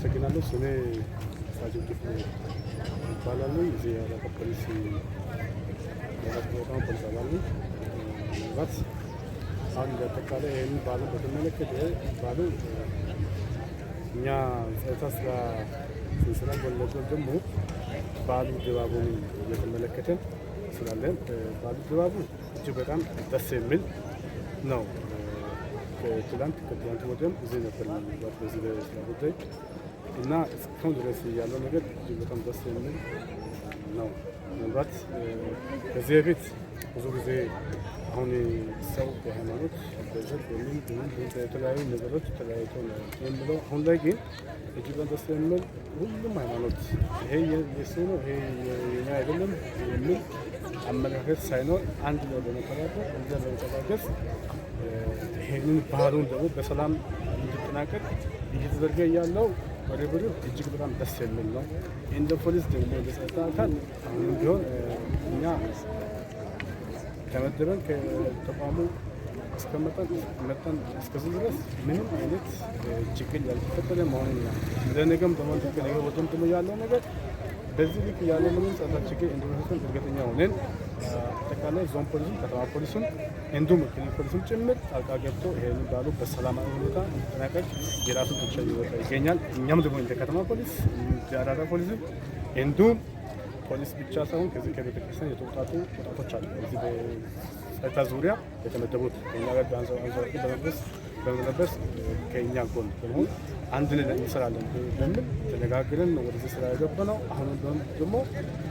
አመሰግናለሁ። ስሜ ሳጅን ኪፍሌ ይባላሉ። እዚህ የአራዳ ፖሊስ የራስቦታ ፖሊስ አባል ምናልባት አንድ አጠቃላይ ይህን በዓል በተመለከተ ባሉ እኛ ጸጥታ ስራ ስንሰራ ጎን ደግሞ በዓሉ ድባቡን እየተመለከተ ስላለን በዓሉ ድባቡ እጅግ በጣም ደስ የሚል ነው። ትላንት ከትላንት ወዲያም እዚህ ነበር በዚህ ስራ ጉዳይ እና እስካሁን ድረስ ያለው ነገር እጅግ በጣም ደስ የሚል ነው። ምናልባት ከዚህ በፊት ብዙ ጊዜ አሁን ሰው በሃይማኖት በዘት በሚል የተለያዩ ነገሮች ተለያይቶ ነው የምለው። አሁን ላይ ግን እጅግ በጣም ደስ የሚል ሁሉም ሃይማኖት ይሄ የሱ ነው ይሄ የኛ አይደለም የሚል አመለካከት ሳይኖር አንድ ላይ በመተባበር አንድ በመተጋገዝ ባህሉን ደግሞ በሰላም እንዲጠናቀቅ እየተደረገ ያለው ርብርብ እጅግ በጣም ደስ የሚል ነው። እንደ ፖሊስ ደግሞ የጸጥታ አካል አሁንም ቢሆን እኛ ተመድበን ከተቋሙ እስከመጠን መጠን እስከዚህ ድረስ ምንም አይነት ችግር ያልተፈጠረ መሆኑን ነው። እንደ ነገም ተመልከ ነገ ወቶም ያለው ነገር በዚህ ልክ ያለምንም ጸጥታ ችግር እንዲመሰል እርግጠኛ ሆነን አጠቃላይ ዞን ፖሊሱም ከተማ ፖሊሱም እንዲሁም ክልል ፖሊሱም ጭምር ጣልቃ ገብቶ ይሄን ባሉ በሰላማዊ ሁኔታ እንዲጠናቀቅ የራሱ ድርሻ እየወጣ ይገኛል። እኛም ደግሞ እንደ ከተማ ፖሊስ እንደ ፖሊስም እንዲሁም ፖሊስ ብቻ ሳይሆን ከዚህ ከቤተክርስቲያን የተውጣጡ ወጣቶች አሉ። በዚህ በጸጥታ ዙሪያ የተመደቡት ኛ በመንግስት በመለበስ ከእኛ ጎን በመሆን አንድ ላይ እንሰራለን በሚል ተነጋግረን ነው ወደዚህ ስራ የገባ ነው። አሁን ደግሞ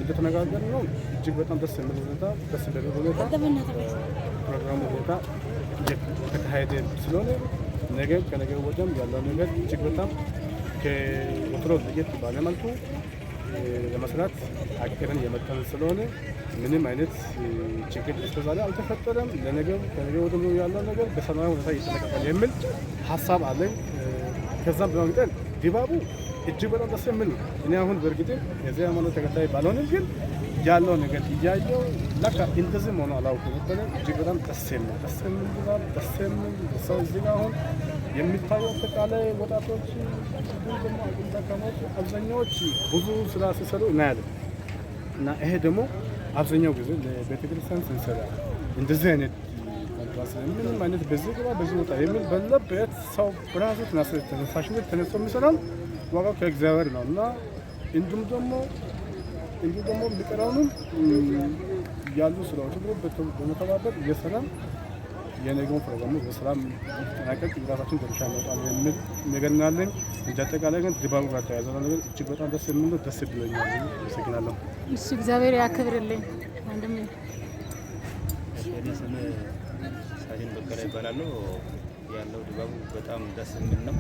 እንደተነጋገር ነው እጅግ በጣም ደስ የሚል ሁኔታ ደስ የሚል ሁኔታ ፕሮግራሙ ሁኔታ እየተካሄደ ስለሆነ ነገ ከነገ ወዲያም ያለው ነገር እጅግ በጣም ከወትሮ ዝግጅት ባለመልኩ ለመስራት አቅደን የመጣን ስለሆነ ምንም አይነት ችግር እስከዛሬ አልተፈጠረም። ለነገር ከነገ ወደ ያለው ነገር በሰላማዊ ሁኔታ ይጠናቀቃል የሚል ሀሳብ አለኝ። ከዛም በመግጠል ድባቡ እጅግ በጣም ደስ የሚል ነው። እኔ አሁን በእርግጥ የዚህ ሃይማኖት ተከታይ ባልሆንም ግን ያለው ነገር እያየው ለካ እንደዚህም ሆኖ አላውቅም ነበረ። እጅግ በጣም ደስ የሚል ደስ የሚል ድባብ ደስ የሚል ሰው እዚህ አሁን የሚታየው አጠቃላይ ወጣቶች ደግሞ አቅምጠቀሞች አብዛኛዎች ብዙ ስራ ሲሰሩ እናያለን እና ይሄ ደግሞ አብዛኛው ጊዜ ለቤተክርስቲያን ስንሰራ እንደዚህ አይነት ምንም አይነት በዚህ ግባ በዚህ ወጣ የሚል በለበት ሰው ብራሱት ተነሳሽነት ተነስቶ የሚሰራል ዋጋው ከእግዚአብሔር ነው እና እንዲሁም ደግሞ እንዲሁም ደግሞ የሚቀረውንም ያሉ ስራዎች በመተባበር እየሰራን የነገውን ፕሮግራሙ በሰላም ጠናቀቅ ጉዳታችን ድርሻ ያመጣል የሚል ነገር እናለን እንጂ አጠቃላይ ግን ድባቡ ጋር ተያዘ ነገር እጅግ በጣም ደስ የሚል ደስ ብሎኛል። አመሰግናለሁ። እሺ፣ እግዚአብሔር ያክብርልኝ ወንድሜ። ስም ሳሂን በቀለ ይባላሉ። ያለው ድባቡ በጣም ደስ የሚል ነው።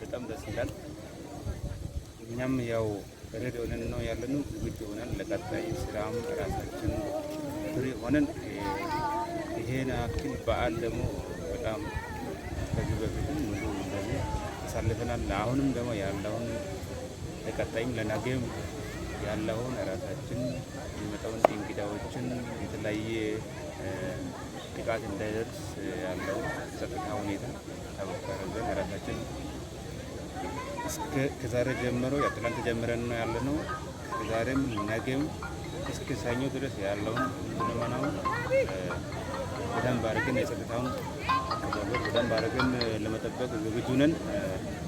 በጣም ደስ ይላል። እኛም ያው ሬድ ሆነን ነው ያለነው። ዝግጁ ሆነን ለቀጣይ ስራም ራሳችን ፍሪ ሆነን ይሄን አክል በዓል ደግሞ በጣም ከዚህ በፊትም ብዙ እንደዚህ አሳልፈናል። አሁንም ደግሞ ያለውን ለቀጣይም ለነገም ያለውን ራሳችን የሚመጣውን እንግዳዎችን የተለያየ ጥቃት እንዳይደርስ ያለው ጸጥታ ሁኔታ ተበከረዘን ራሳችን ከዛሬ ጀምሮ የትናንት ጀምረን ነው ያለ ነው። ከዛሬም ነገም እስከ ሰኞ ድረስ ያለውን ሁለመናውን በደንብ አድርገን የጸጥታውን ተጓጎር በደንብ አድርገን ለመጠበቅ ዝግጁ ነን።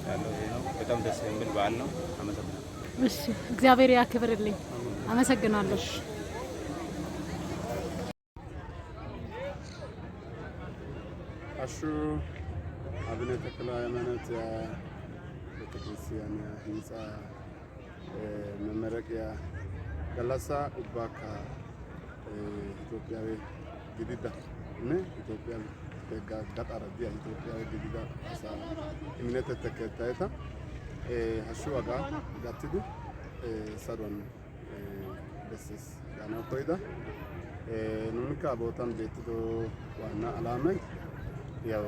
ያለው ይሄ ነው። በጣም ደስ የሚል በዓል ነው። አመሰግናለሁ። እሺ፣ እግዚአብሔር ያክብርልኝ። አመሰግናለሁ። አሹ አቡነ ተክለ ሃይማኖት ቤተክርስቲያን ህንፃ መመረቂያ ከላሳ ኡባ ኢትዮጵያዊ ግዲዳ ኢትዮጵያ ጋጣረ ዲያ ኢትዮጵያዊ ግዲዳ አሳ እምነት ተከታይታ ሀሹ ዋጋ ጋትዱ ሰዶን ደስስ ጋና ኮይዳ ኑንካ ቦታን ቤትዶ ዋና አላመኝ ያው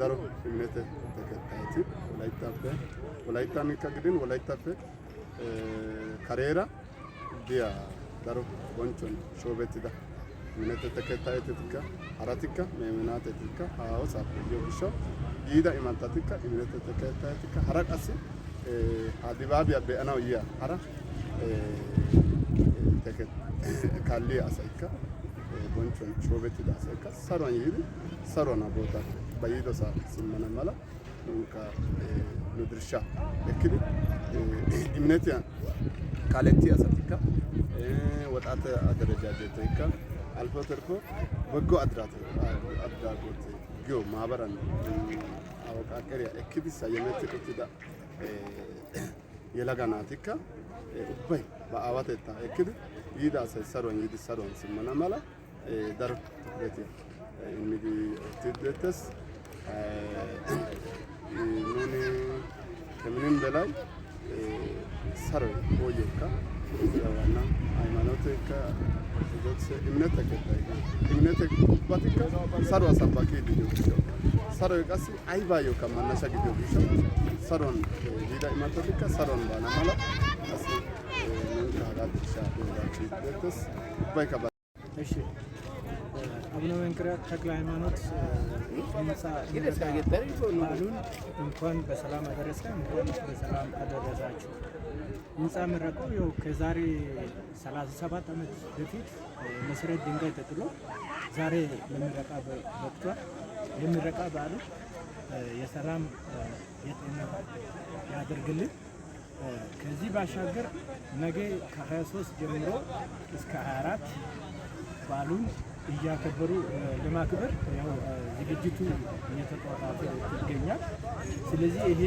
daro እምነት ተከታይት ወላይታፈ ወላይታን ከግድን ወላይታፈ kareera diya daro bonchon shoobettida minete tekettayetetikka haratikka meeminaatetikka haahosaappe yiyo gishaw yiida imantatikka iminete tekettayetikka hara qassi ha dibaabiya be'anaw yiya hara kaalliya asaykka bonchon shoobettida asaykka saruwan yiidi saruwan ha bootaa ba yiidosaa simmana mala nunkka nu dirshaa ekkidi እምነት ቃለቲ አሰቲካ ወጣት አደረጃጀት ካ አልፎ ተርፎ በጎ አድራጎት ጊዮ ማህበራን አወቃቀር ኤክቢሳ የመትቁትዳ የለጋ ናቲካ ኡባይ በአዋቴታ ኤክድ ይዳሰ ሰሮን ይድ ሰሮን ስመና መላ ዳር ትኩረት የሚዲ ትደተስ ኑኒ ከምንም በላይ ሰርዌ ፕሮጀክት ስለዋና ሃይማኖት ኦርቶዶክስ እምነት ተከታይ እምነት ጉባት ሰርዋ ሰባቂ ልጆች ሰርዌ ቀስ አይባዮ ከመነሻ ጊዜ ሰሮን ዲዳ ኢማቶሊካ ሰሮን ባና ማለ ቀስ መንካራት ሻቱ ዳቺ ደስ ባይከባ እሺ አቡነ መንክራት ተክለ ሃይማኖት ህንፃ በዓሉን እንኳን በሰላም አደረሰ፣ እንኳን በሰላም አደረሳችሁ። ህንፃ የምረቀው ያው ከዛሬ 37 ዓመት በፊት መሰረት ድንጋይ ተጥሎ ዛሬ ለምረቃ በቅቷል። የምረቃ በዓሉ የሰላም የጤና ያደርግልን። ከዚህ ባሻገር ነገ ከ23 ጀምሮ እስከ 24 በዓሉን እያከበሩ ለማክበር ያው ዝግጅቱ እየተጧጧፈ ይገኛል። ስለዚህ ይሄ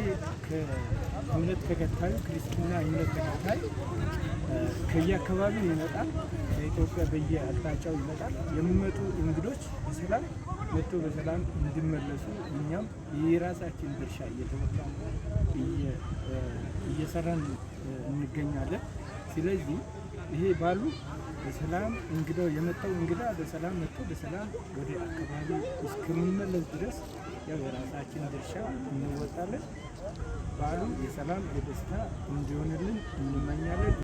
ከእምነት ተከታዩ ክርስትና እምነት ተከታይ ከየአካባቢው ይመጣል፣ ከኢትዮጵያ በየአቅጣጫው ይመጣል። የሚመጡ እንግዶች በሰላም መጥቶ በሰላም እንዲመለሱ እኛም የራሳችን ድርሻ እየተወጣ እየሰራን እንገኛለን። ስለዚህ ይሄ ባሉ በሰላም እንግዳው የመጣው እንግዳ በሰላም መጥቶ በሰላም ወደ አካባቢ እስከሚመለስ ድረስ ያው የራሳችን ድርሻ እንወጣለን። በዓሉ የሰላም የደስታ እንዲሆንልን እንመኛለን።